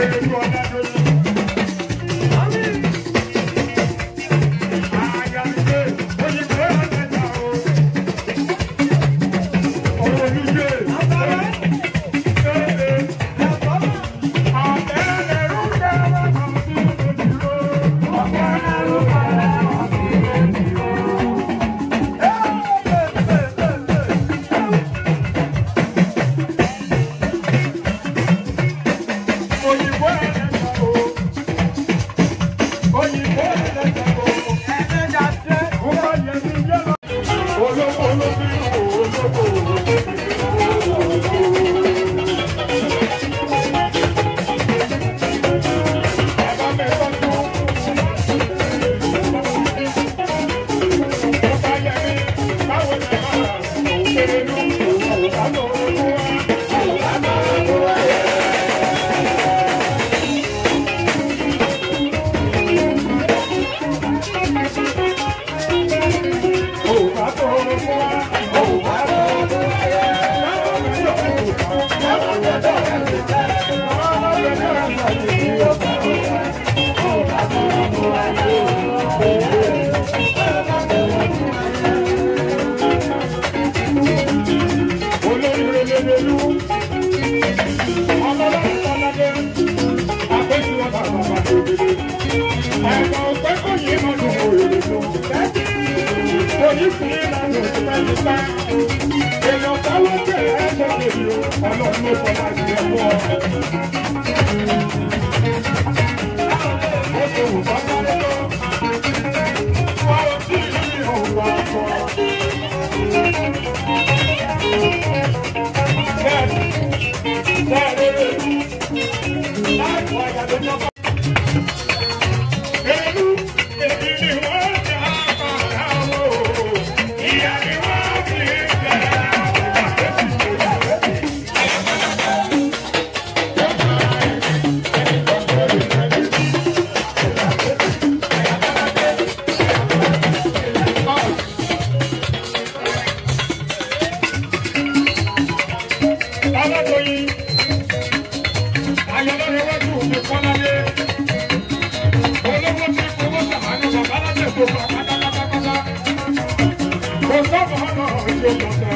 Thank you. Gracias.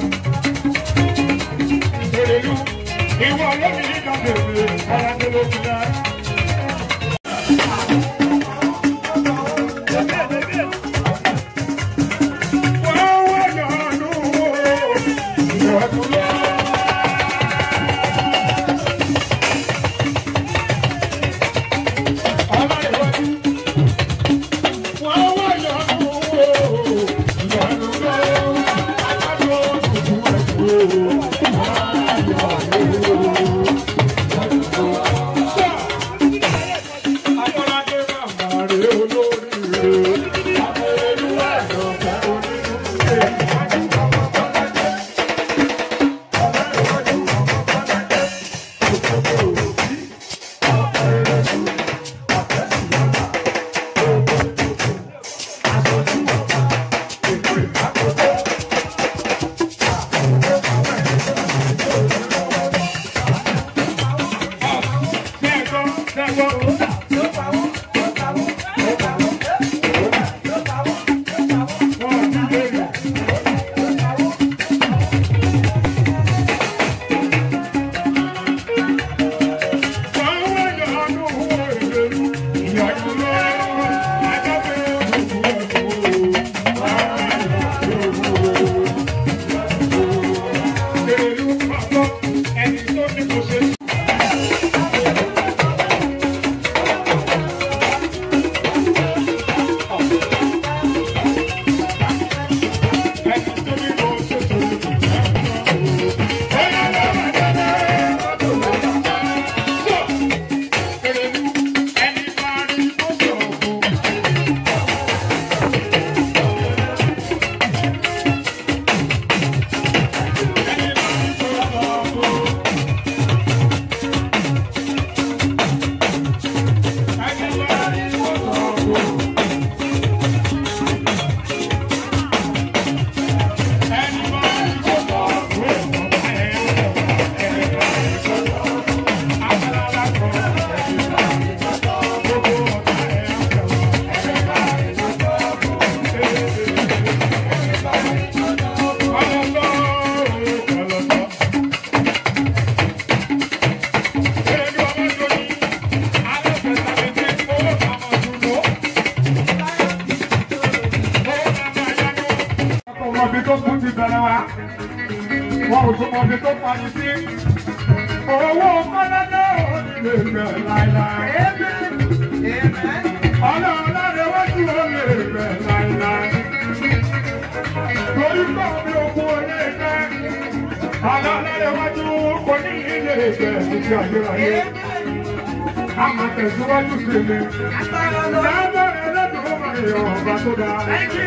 he won't Ìwọ lómi nígbà bèbè, I'm tó lóbi náà. ara wa Thank you.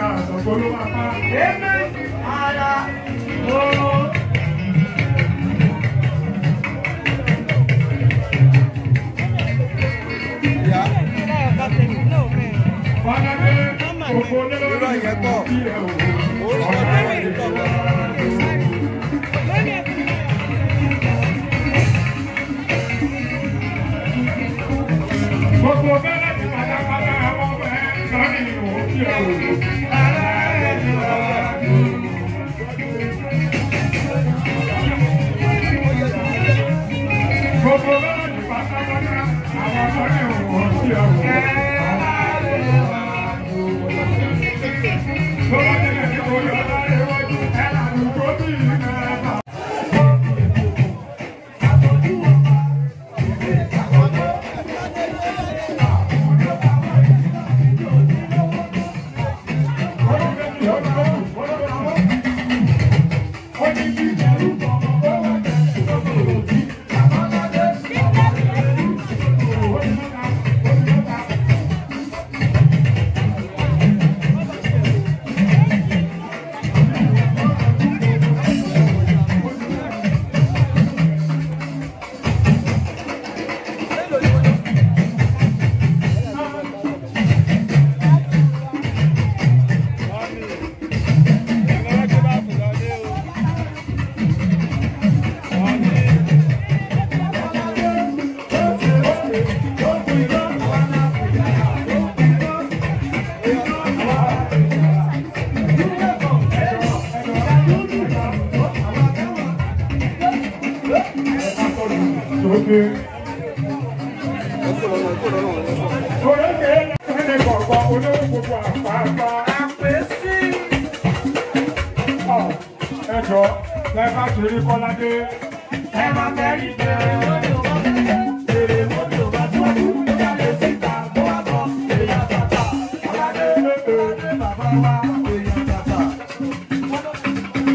ọ̀gá àtọ̀gbọ́n Amen. Ara. Ooo. Ìrọ̀ yẹn pọ̀, orúkọ tó wà nípa ọ̀gá. Gbogbo bẹ́ẹ̀ láti pátápátá àwọn ọmọ ẹ̀ ń Come on, come má ṣeré kọ́ládé ẹ má kẹ́rì jẹ́ èrè mọ́tò bá tó jáde síta bó wà bọ̀ èèyàn tàtà kọ́ládé èèyàn bàbá wa èèyàn tàtà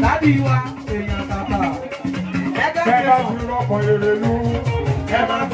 dádì wa èèyàn tàtà ẹgbẹ́ fi rọ́pò èrè lú ẹ má.